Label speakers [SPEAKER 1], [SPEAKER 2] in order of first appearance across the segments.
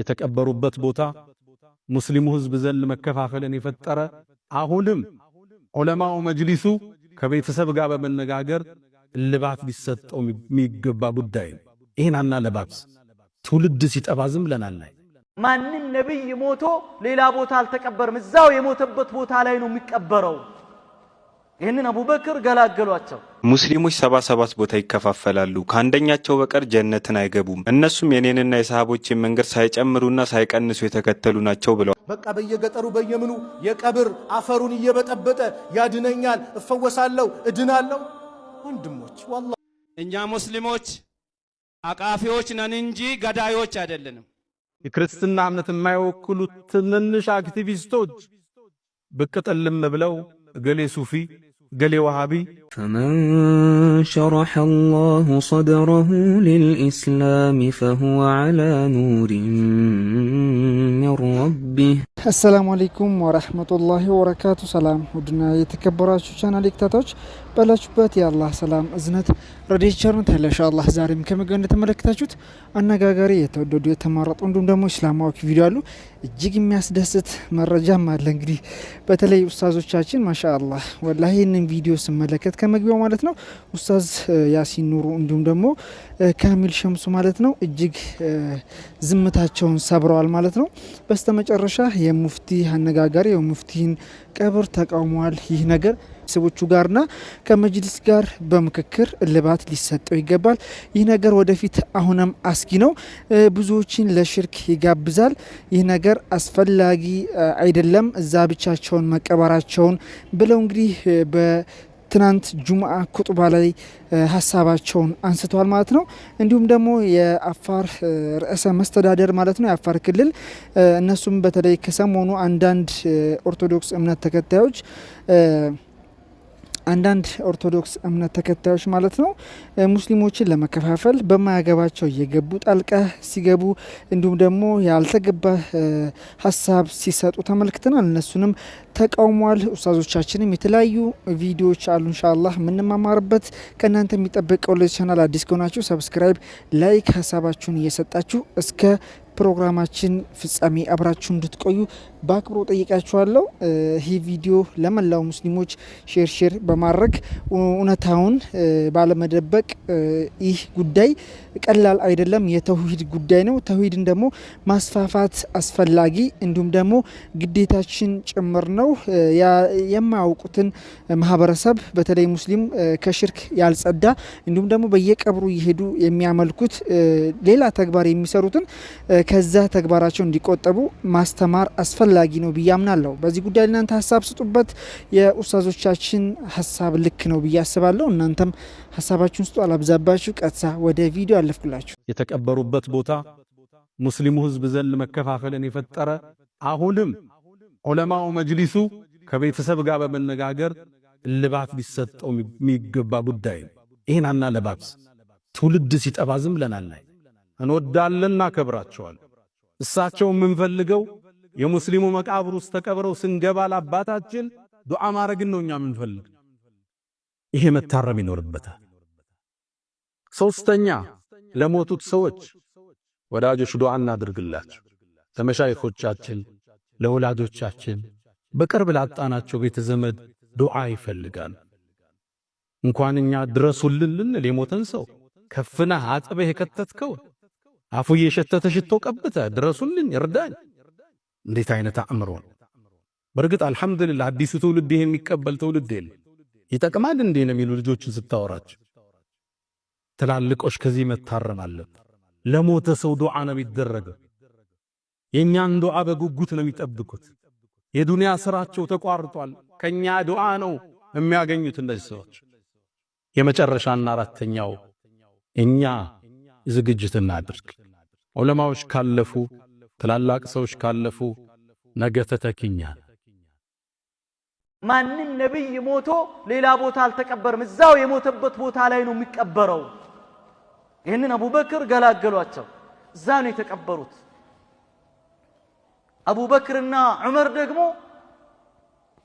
[SPEAKER 1] የተቀበሩበት ቦታ ሙስሊሙ ህዝብ ዘንድ መከፋፈልን የፈጠረ አሁንም ዑለማው መጅሊሱ ከቤተሰብ ጋር በመነጋገር እልባት ሊሰጠው የሚገባ ጉዳይ ነው። ይህን አናለባብስ። ትውልድ ሲጠፋ ዝም ብለናል።
[SPEAKER 2] ማንም ነቢይ ሞቶ ሌላ ቦታ አልተቀበርም። እዛው የሞተበት ቦታ ላይ ነው የሚቀበረው። ይህንን አቡበክር ገላገሏቸው።
[SPEAKER 3] ሙስሊሞች ሰባ ሰባት ቦታ ይከፋፈላሉ፣ ከአንደኛቸው በቀር ጀነትን አይገቡም። እነሱም የኔንና የሰሃቦችን መንገድ ሳይጨምሩና ሳይቀንሱ የተከተሉ ናቸው ብለዋል።
[SPEAKER 4] በቃ በየገጠሩ በየምኑ የቀብር አፈሩን እየበጠበጠ ያድነኛል፣ እፈወሳለሁ፣ እድናለሁ። ወንድሞች ዋላ
[SPEAKER 5] እኛ ሙስሊሞች አቃፊዎች ነን እንጂ ገዳዮች አይደለንም።
[SPEAKER 1] የክርስትና እምነት የማይወክሉ ትንንሽ አክቲቪስቶች ብቅ ጥልም ብለው እገሌ ሱፊ قالي وهابي
[SPEAKER 6] فمن شرح الله صدره للإسلام فهو على نور من ربه
[SPEAKER 7] አሰላሙ አሌይኩም ወረህመቱላሂ ወበረካቱ። ሰላም ውድና የተከበራችሁ ቻናል ተከታታዮች ባላችሁበት የአላህ ሰላም እዝነት ረድኤት ቸርነት ያለሽ አላህ ዛሬም ከመገን እንደተመለከታችሁት አነጋጋሪ የተወደዱ የተመረጡ እንዲሁም ደግሞ እስላማዊ ቪዲዮ አሉ። እጅግ የሚያስደስት መረጃም አለ። እንግዲህ በተለይ ኡስታዞቻችን ማሻአላህ ወላሂ ይህንን ቪዲዮ ስመለከት ከመግቢያው ማለት ነው ኡስታዝ ያሲን ኑሩ እንዲሁም ደግሞ ካሚል ሸምሱ ማለት ነው እጅግ ዝምታቸውን ሰብረዋል ማለት ነው በስተመጨረሻ ሙፍቲ አነጋጋሪ ያው ሙፍቲን ቀብር ተቃውሟል። ይህ ነገር ሰዎቹ ጋርና ከመጅሊስ ጋር በምክክር እልባት ሊሰጠው ይገባል። ይህ ነገር ወደፊት አሁንም አስጊ ነው፣ ብዙዎችን ለሽርክ ይጋብዛል። ይህ ነገር አስፈላጊ አይደለም። እዛ ብቻቸውን መቀበራቸውን ብለው እንግዲህ ትናንት ጁምአ ኩጡባ ላይ ሀሳባቸውን አንስተዋል ማለት ነው። እንዲሁም ደግሞ የአፋር ርዕሰ መስተዳደር ማለት ነው የአፋር ክልል እነሱም በተለይ ከሰሞኑ አንዳንድ ኦርቶዶክስ እምነት ተከታዮች አንዳንድ ኦርቶዶክስ እምነት ተከታዮች ማለት ነው ሙስሊሞችን ለመከፋፈል በማያገባቸው እየገቡ ጣልቃ ሲገቡ እንዲሁም ደግሞ ያልተገባ ሀሳብ ሲሰጡ ተመልክተናል። እነሱንም ተቃውሟል። ኡስታዞቻችንም የተለያዩ ቪዲዮዎች አሉ ኢንሻአላህ የምንማማርበት ከእናንተ የሚጠበቀው ለዚህ ቻናል አዲስ ከሆናችሁ ሰብስክራይብ፣ ላይክ ሀሳባችሁን እየሰጣችሁ እስከ ፕሮግራማችን ፍጻሜ አብራችሁ እንድትቆዩ በአክብሮ ጠይቃችኋለሁ። ይህ ቪዲዮ ለመላው ሙስሊሞች ሼር ሼር በማድረግ እውነታውን ባለመደበቅ ይህ ጉዳይ ቀላል አይደለም፣ የተውሂድ ጉዳይ ነው። ተውሂድን ደግሞ ማስፋፋት አስፈላጊ እንዲሁም ደግሞ ግዴታችን ጭምር ነው። የማያውቁትን ማህበረሰብ በተለይ ሙስሊም ከሽርክ ያልጸዳ እንዲሁም ደግሞ በየቀብሩ እየሄዱ የሚያመልኩት ሌላ ተግባር የሚሰሩትን ከዛ ተግባራቸው እንዲቆጠቡ ማስተማር አስፈላጊ ነው ብዬ አምናለሁ። በዚህ ጉዳይ እናንተ ሀሳብ ስጡበት። የኡስታዞቻችን ሀሳብ ልክ ነው ብዬ አስባለሁ። እናንተም ሀሳባችሁን ስጡ። አላብዛባችሁ፣ ቀጥታ ወደ ቪዲዮ አለፍኩላችሁ።
[SPEAKER 1] የተቀበሩበት ቦታ ሙስሊሙ ህዝብ ዘንድ መከፋፈልን የፈጠረ አሁንም ዑለማው መጅሊሱ ከቤተሰብ ጋር በመነጋገር ልባት ሊሰጠው የሚገባ ጉዳይ ነው። ይህን አና ለባብስ ትውልድ ሲጠባ ዝም ብለናል። እንወዳለን፣ እናከብራቸዋለን። እሳቸው የምንፈልገው የሙስሊሙ መቃብር ውስጥ ተቀብረው ስንገባ ለአባታችን ዱዓ ማረግን ነው እኛ የምንፈልግ። ይሄ መታረም ይኖርበታል። ሶስተኛ ለሞቱት ሰዎች ወዳጆች ዱዓ እናድርግላቸው። ለመሻይኾቻችን፣ ለወላጆቻችን፣ በቅርብ ላጣናቸው ቤተ ዘመድ ዱዓ ይፈልጋል። እንኳን እኛ ድረሱልን ልንል የሞተን ሰው ከፍነህ አጥበህ የከተትከው አፉ እየሸተተ ሽቶ ቀብተ ድረሱልን፣ ይርዳኝ። እንዴት አይነት አእምሮ ነው! በእርግጥ አልሐምዱሊላህ አዲሱ ትውልድ ይሄን የሚቀበል ትውልድ የለ። ይጠቅማል እንዴ ነው የሚሉ ልጆችን ስታወራቸው፣ ትላልቆች ከዚህ መታረም አለብን። ለሞተ ሰው ዱዓ ነው የሚደረገው። የእኛን ዱዓ በጉጉት ነው የሚጠብቁት። የዱንያ ስራቸው ተቋርጧል። ከኛ ዱዓ ነው የሚያገኙት እነዚህ ሰዎች። የመጨረሻና አራተኛው እኛ ዝግጅት እናድርግ። ዑለማዎች ካለፉ ትላላቅ ሰዎች ካለፉ ነገ ተተኪኛል።
[SPEAKER 2] ማንም ነቢይ ሞቶ ሌላ ቦታ አልተቀበርም። እዛው የሞተበት ቦታ ላይ ነው የሚቀበረው። ይህንን አቡበክር ገላገሏቸው። እዛ ነው የተቀበሩት። አቡበክርና ዑመር ደግሞ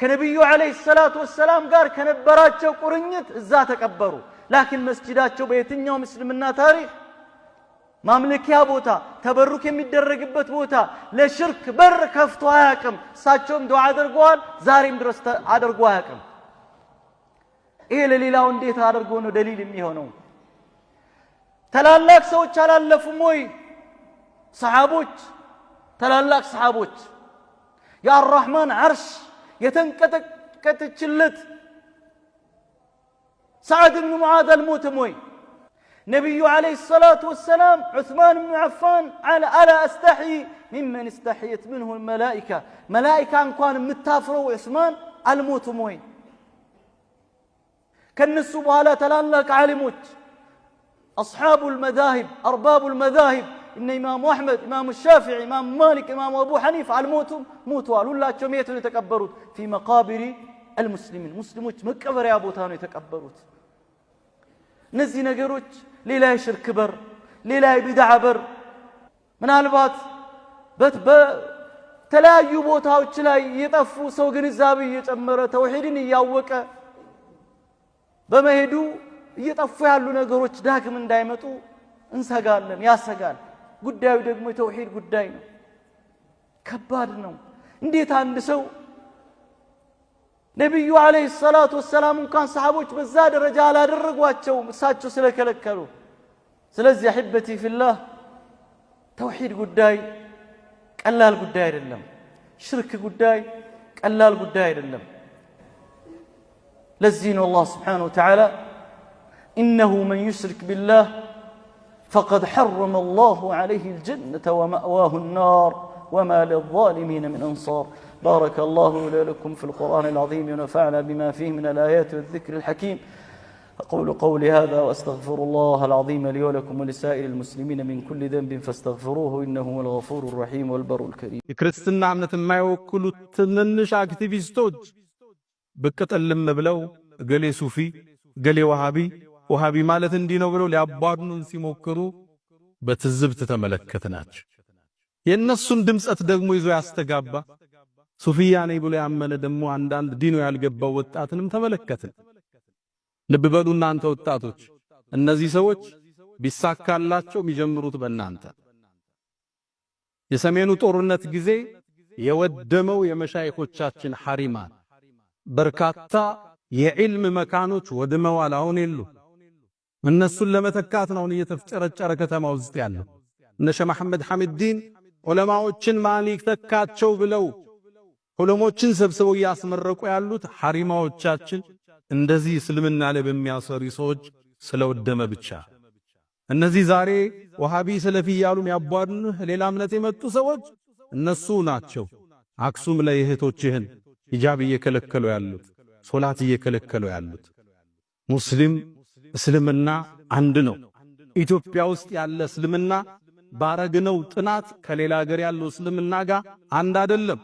[SPEAKER 2] ከነቢዩ ዓለይሂ ሰላቱ ወሰላም ጋር ከነበራቸው ቁርኝት እዛ ተቀበሩ። ላኪን መስጂዳቸው በየትኛው እስልምና ታሪክ ማምለኪያ ቦታ ተበሩክ የሚደረግበት ቦታ ለሽርክ በር ከፍቶ አያቅም። እሳቸውም ዱዓ አድርገዋል፣ ዛሬም ድረስ አድርጎ አያቅም። ይሄ ለሌላው እንዴት አድርጎ ነው ደሊል የሚሆነው? ታላላቅ ሰዎች አላለፉም ወይ? ሰሓቦች፣ ታላላቅ ሰሓቦች የአራሕማን ዓርሽ የተንቀጠቀጠችለት ሰዓድ ብኑ ሙዓዝ አልሞትም ወይ? نبي عليه الصلاة والسلام عثمان بن عفان على ألا أستحي ممن استحيت منه الملائكة ملائكة أن كان متافروا عثمان الموت موين كان السبوة لا تلالك علموت أصحاب المذاهب أرباب المذاهب إن إمام أحمد إمام الشافعي إمام مالك إمام أبو حنيف الموت موتوا لولا تشمية يتكبروا في مقابر المسلمين مسلموت مكبر يا أبو تانو يتكبروا نزي نقروت ሌላ የሽርክ በር፣ ሌላ የቢድዓ በር ምናልባት በተለያዩ ቦታዎች ላይ የጠፉ ሰው ግንዛቤ እየጨመረ ተውሂድን እያወቀ በመሄዱ እየጠፉ ያሉ ነገሮች ዳግም እንዳይመጡ እንሰጋለን፣ ያሰጋል። ጉዳዩ ደግሞ የተውሂድ ጉዳይ ነው። ከባድ ነው። እንዴት አንድ ሰው ነቢዩ ዓለይሂ ሰላቱ ወሰላም እንኳን ሰሓቦች በዛ ደረጃ አላደረጓቸውም እሳቸው ስለከለከሉ سلزي አሕበቲ في الله توحيد قداي ጉዳይ قداي للم شرك قداي ጉዳይ قداي للم لزين الله سبحانه وتعالى إنه من يشرك بالله فقد حرم الله عليه الجنة ومأواه النار وما للظالمين من أنصار بارك الله لكم في القرآن العظيم ونفعنا بما فيه من الآيات والذكر الحكيم أقول قولي هذا وأستغفر الله العظيم لي ولكم ولسائر المسلمين من كل ذنب فاستغفروه إنه هو الغفور الرحيم والبر الكريم
[SPEAKER 1] የክርስትና እምነት የማይወክሉ ትንንሽ አክቲቪስቶች ብቅ ጥልም ብለው እገሌ ሱፊ፣ እገሌ ወሃቢ፣ ወሃቢ ማለት እንዲህ ነው ብለው ሊያባዱን ሲሞክሩ በትዝብት ተመለከትናቸው። የእነሱን ድምፀት ደግሞ ይዞ ያስተጋባ ሱፊያ ነኝ ብሎ ያመነ ደግሞ አንዳንድ ዲኖ ያልገባው ወጣትንም ተመለከትን። ልብ በሉ እናንተ ወጣቶች፣ እነዚህ ሰዎች ቢሳካላቸው የሚጀምሩት በእናንተ። የሰሜኑ ጦርነት ጊዜ የወደመው የመሻይኮቻችን ሐሪማን በርካታ የዕልም መካኖች ወድመዋል፣ አሁን የሉ። እነሱን ለመተካት ነው እየተፍጨረጨረ ከተማው ውስጥ ያለው። እነሸ መሐመድ ሐሚዲን ዑለማዎችን ማን ይተካቸው ብለው ዑለሞችን ሰብስበው እያስመረቁ ያሉት ሐሪማዎቻችን እንደዚህ እስልምና ላይ በሚያሰሪ ሰዎች ስለወደመ ብቻ። እነዚህ ዛሬ ወሃቢ ሰለፊ እያሉ የሚያቧድኑህ ሌላ እምነት የመጡ ሰዎች እነሱ ናቸው። አክሱም ላይ እህቶችህን ሂጃብ እየከለከሉ ያሉት፣ ሶላት እየከለከሉ ያሉት። ሙስሊም እስልምና አንድ ነው። ኢትዮጵያ ውስጥ ያለ እስልምና ባረግነው ጥናት ከሌላ ሀገር ያለው እስልምና ጋር አንድ አይደለም።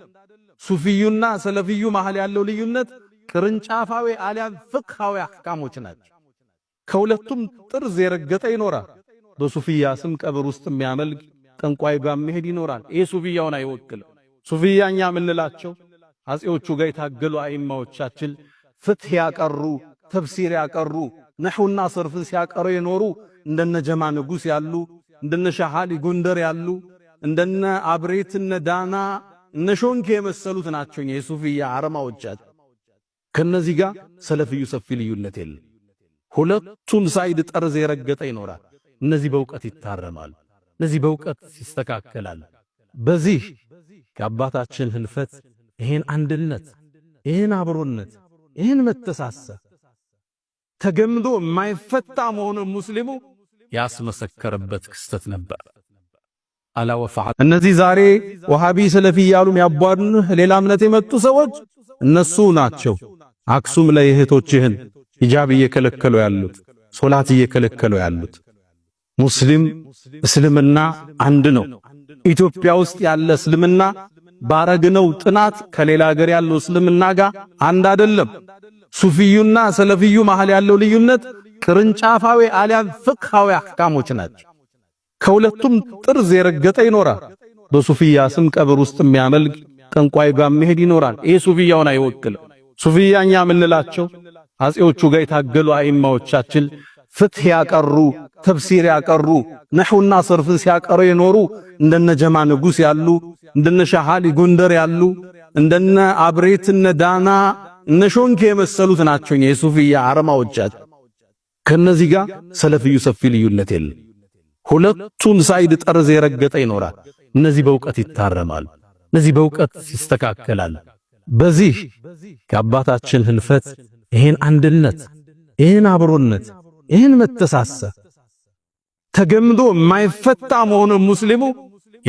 [SPEAKER 1] ሱፊዩና ሰለፊዩ መሃል ያለው ልዩነት ቅርንጫፋዊ አልያም ፍቅሃዊ አህካሞች ናቸው። ከሁለቱም ጥርዝ የረገጠ ይኖራል። በሱፊያ ስም ቀብር ውስጥ የሚያመልክ ጠንቋይ ጋር መሄድ ይኖራል። ይህ ሱፊያውን አይወክልም። ሱፊያኛ የምንላቸው አጼዎቹ ጋር የታገሉ አይማዎቻችን ፍትህ ያቀሩ፣ ተፍሲር ያቀሩ፣ ነሑና ሰርፍን ሲያቀሩ የኖሩ እንደነ ጀማ ንጉስ ያሉ እንደነ ሻሃሊ ጎንደር ያሉ እንደነ አብሬት እነ ዳና እነ ሾንኬ የመሰሉት ናቸው የሱፊያ አረማዎቻችን። ከነዚህ ጋር ሰለፍዩ ሰፊ ልዩነት የለም። ሁለቱም ሳይድ ጠርዝ የረገጠ ይኖራል። እነዚህ በእውቀት ይታረማል፣ እነዚህ በእውቀት ይስተካከላል። በዚህ ከአባታችን ህልፈት ይህን አንድነት፣ ይህን አብሮነት፣ ይህን መተሳሰብ ተገምዶ የማይፈታ መሆኑ ሙስሊሙ ያስመሰከረበት ክስተት ነበር። አላወፋት እነዚህ ዛሬ ወሃቢ ሰለፊ እያሉም ያቧድንህ ሌላ እምነት የመጡ ሰዎች እነሱ ናቸው። አክሱም ላይ እህቶችህን ሂጃብ እየከለከሉ ያሉት ሶላት እየከለከሉ ያሉት ሙስሊም እስልምና አንድ ነው። ኢትዮጵያ ውስጥ ያለ እስልምና ባረግነው ጥናት ከሌላ ሀገር ያለው እስልምና ጋር አንድ አይደለም። ሱፊዩና ሰለፊዩ መሃል ያለው ልዩነት ቅርንጫፋዊ አሊያን ፍቅሃዊ አህካሞች ናቸው። ከሁለቱም ጥርዝ የረገጠ ይኖራል። በሱፊያ ስም ቀብር ውስጥ የሚያመልክ ጠንቋይ ጋር መሄድ ይኖራል። ይሄ ሱፊያውን አይወክልም። ሱፍያኛ የምንላቸው አጼዎቹ ጋር የታገሉ አይማዎቻችን ፍትህ ያቀሩ ተፍሲር ያቀሩ ነህውና ሰርፍን ሲያቀሩ የኖሩ እንደነ ጀማ ንጉስ ያሉ እንደነ ሻሃሊ ጎንደር ያሉ እንደነ አብሬት እነ ዳና እነ ሾንኬ የመሰሉት ናቸው የሱፍያ አርማዎቻት። ከነዚህ ጋር ሰለፍዩ ሰፊ ልዩነት የለም። ሁለቱን ሳይድ ጠርዝ የረገጠ ይኖራል። እነዚህ በእውቀት ይታረማሉ። እነዚህ በእውቀት ይስተካከላል። በዚህ ከአባታችን ህልፈት ይህን አንድነት፣ ይህን አብሮነት፣ ይህን መተሳሰብ ተገምዶ የማይፈታ መሆኑን ሙስሊሙ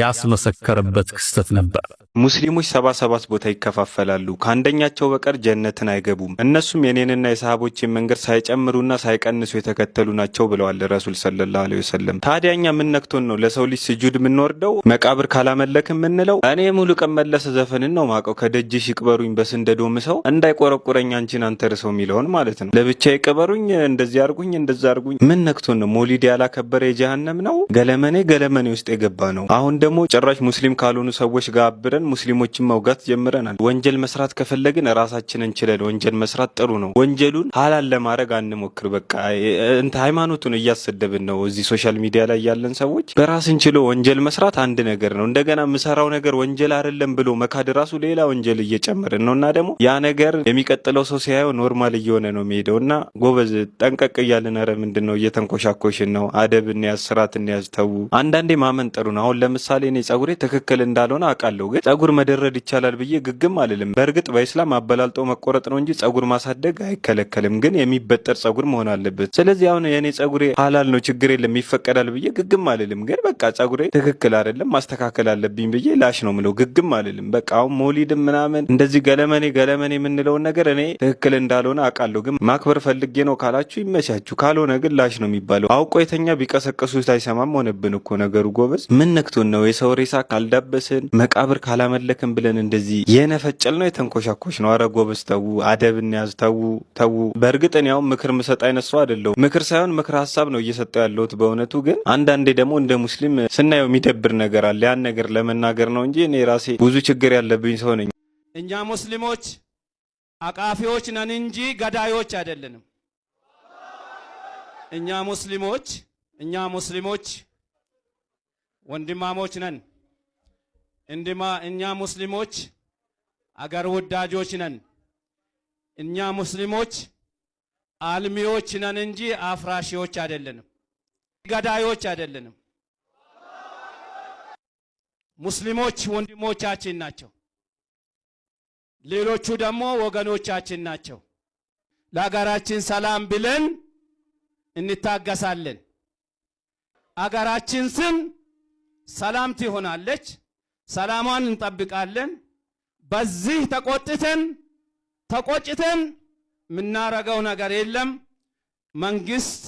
[SPEAKER 1] ያስመሰከረበት ክስተት ነበር።
[SPEAKER 3] ሙስሊሞች ሰባ ሰባት ቦታ ይከፋፈላሉ፣ ከአንደኛቸው በቀር ጀነትን አይገቡም። እነሱም የኔንና የሰሃቦችን መንገድ ሳይጨምሩና ሳይቀንሱ የተከተሉ ናቸው ብለዋል ረሱል ሰለላሁ ዐለይሂ ወሰለም። ታዲያ እኛ ምን ነክቶን ነው ለሰው ልጅ ስጁድ የምንወርደው መቃብር ካላመለክ የምንለው? እኔ ሙሉ ቀን መለሰ ዘፈንን ነው ማቀው ከደጅሽ ይቅበሩኝ በስንደ ዶም ሰው እንዳይቆረቁረኝ አንቺን አንተርሰው የሚለውን ማለት ነው። ለብቻ ይቅበሩኝ፣ እንደዚህ አርጉኝ፣ እንደዚህ አርጉኝ። ምን ነክቶን ነው? ሞሊድ ያላከበረ የጀሃነም ነው። ገለመኔ ገለመኔ ውስጥ የገባ ነው። አሁን ደግሞ ጭራሽ ሙስሊም ካልሆኑ ሰዎች ጋር አብረን ጀምረን ሙስሊሞችን መውጋት ጀምረናል። ወንጀል መስራት ከፈለግን ራሳችንን ችለን ወንጀል መስራት ጥሩ ነው። ወንጀሉን ሀላል ለማድረግ አንሞክር። በቃ እንተ ሃይማኖቱን እያሰደብን ነው። እዚህ ሶሻል ሚዲያ ላይ ያለን ሰዎች በራስን ችሎ ወንጀል መስራት አንድ ነገር ነው። እንደገና የምሰራው ነገር ወንጀል አይደለም ብሎ መካድ ራሱ ሌላ ወንጀል እየጨመርን ነው እና ደግሞ ያ ነገር የሚቀጥለው ሰው ሲያየው ኖርማል እየሆነ ነው የሚሄደው እና ጎበዝ ጠንቀቅ እያልን ኧረ ምንድን ነው እየተንኮሻኮሽን ነው። አደብ እንያዝ፣ ስርዓት እንያዝ። ተዉ አንዳንዴ ማመን ጥሩ ነው። አሁን ለምሳሌ እኔ ጸጉሬ ትክክል እንዳልሆነ አውቃለሁ ግን ጸጉር መደረድ ይቻላል ብዬ ግግም አልልም። በእርግጥ በኢስላም አበላልጦ መቆረጥ ነው እንጂ ጸጉር ማሳደግ አይከለከልም፣ ግን የሚበጠር ጸጉር መሆን አለበት። ስለዚህ አሁን የእኔ ጸጉሬ ሀላል ነው ችግር የለም ይፈቀዳል ብዬ ግግም አልልም፣ ግን በቃ ጸጉሬ ትክክል አይደለም ማስተካከል አለብኝ ብዬ ላሽ ነው ምለው፣ ግግም አልልም። በቃ አሁን ሞሊድም ምናምን እንደዚህ ገለመኔ ገለመኔ የምንለውን ነገር እኔ ትክክል እንዳልሆነ አውቃለሁ፣ ግን ማክበር ፈልጌ ነው ካላችሁ ይመቻችሁ፣ ካልሆነ ግን ላሽ ነው የሚባለው። አውቆ የተኛ ቢቀሰቀሱ አይሰማም ሆነብን እኮ ነገሩ። ጎበዝ ምን ነክቶን ነው የሰው ሬሳ ካልዳበስን መቃብር ካላ አላመለክም ብለን እንደዚህ የነፈጨል ነው የተንኮሻኮሽ ነው። አረ ጎበዝ ተዉ፣ አደብን ያዝ ተዉ ተዉ። በእርግጥ እኔ ያው ምክር ምሰጥ አይነት ሰው አይደለሁም። ምክር ሳይሆን ምክር ሀሳብ ነው እየሰጠው ያለሁት በእውነቱ ግን አንዳንዴ ደግሞ እንደ ሙስሊም ስናየው የሚደብር ነገር አለ። ያን ነገር ለመናገር ነው እንጂ እኔ ራሴ ብዙ ችግር ያለብኝ ሰው ነኝ።
[SPEAKER 5] እኛ ሙስሊሞች አቃፊዎች ነን እንጂ ገዳዮች አይደለንም። እኛ ሙስሊሞች እኛ ሙስሊሞች ወንድማሞች ነን። እንድማ እኛ ሙስሊሞች አገር ወዳጆች ነን። እኛ ሙስሊሞች አልሚዎች ነን እንጂ አፍራሺዎች አይደለንም፣ ገዳዮች አይደለንም። ሙስሊሞች ወንድሞቻችን ናቸው። ሌሎቹ ደግሞ ወገኖቻችን ናቸው። ለሀገራችን ሰላም ብለን እንታገሳለን። አገራችን ስም ሰላም ትሆናለች። ሰላሟን እንጠብቃለን። በዚህ ተቆጥተን ተቆጭተን የምናረገው ነገር የለም። መንግስት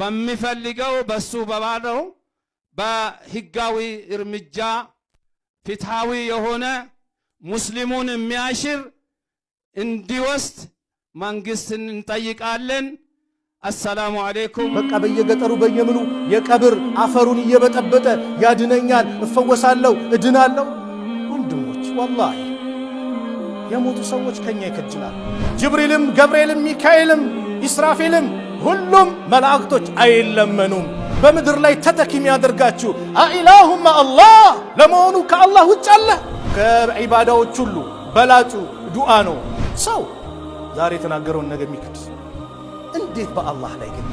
[SPEAKER 5] በሚፈልገው በሱ በባለው በህጋዊ እርምጃ ፍትሃዊ የሆነ ሙስሊሙን የሚያሽር እንዲወስድ መንግስትን እንጠይቃለን። አሰላሙ አለይኩም
[SPEAKER 4] በቃ በየገጠሩ በየምኑ የቀብር አፈሩን እየበጠበጠ ያድነኛል፣ እፈወሳለሁ፣ እድናለሁ። ወንድሞች ወላሂ የሞቱ ሰዎች ከኛ ይከጅላሉ። ጅብሪልም፣ ገብርኤልም፣ ሚካኤልም፣ ኢስራፊልም ሁሉም መላእክቶች አይለመኑም። በምድር ላይ ተተኪ የሚያደርጋችሁ አኢላሁማ አላህ ለመሆኑ ከአላህ ውጭ አለ። ከዒባዳዎች ሁሉ በላጩ ዱዓ ነው። ሰው ዛሬ የተናገረውን ነገ የሚክድ እንዴት በአላህ ላይ ግን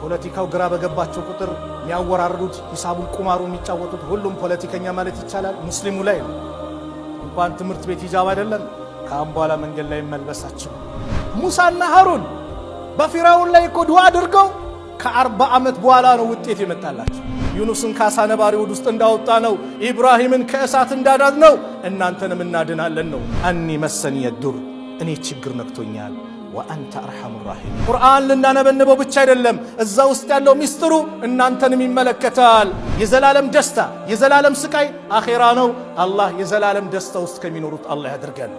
[SPEAKER 4] ፖለቲካው ግራ በገባቸው ቁጥር የሚያወራርዱት ሂሳቡን ቁማሩ የሚጫወቱት ሁሉም ፖለቲከኛ ማለት ይቻላል ሙስሊሙ ላይ ነው። እንኳን ትምህርት ቤት ሂጃብ አይደለም ከአም በኋላ መንገድ ላይ መልበሳቸው። ሙሳና ሀሩን በፊራውን ላይ እኮ ድዋ አድርገው ከአርባ ዓመት በኋላ ነው ውጤት የመጣላቸው። ዩኑስን ካሳ ነባሪ ውድ ውስጥ እንዳወጣ ነው፣ ኢብራሂምን ከእሳት እንዳዳት ነው፣ እናንተንም እናድናለን ነው። አኒ መሰን የዱር እኔ ችግር ነክቶኛል ወአንተ አርሐሙ ራሒም። ቁርአን ልናነበንበው ብቻ አይደለም፣ እዛ ውስጥ ያለው ሚስጥሩ እናንተንም ይመለከታል። የዘላለም ደስታ የዘላለም ስቃይ አኼራ ነው። አላህ የዘላለም ደስታ ውስጥ ከሚኖሩት አላህ ያድርገን።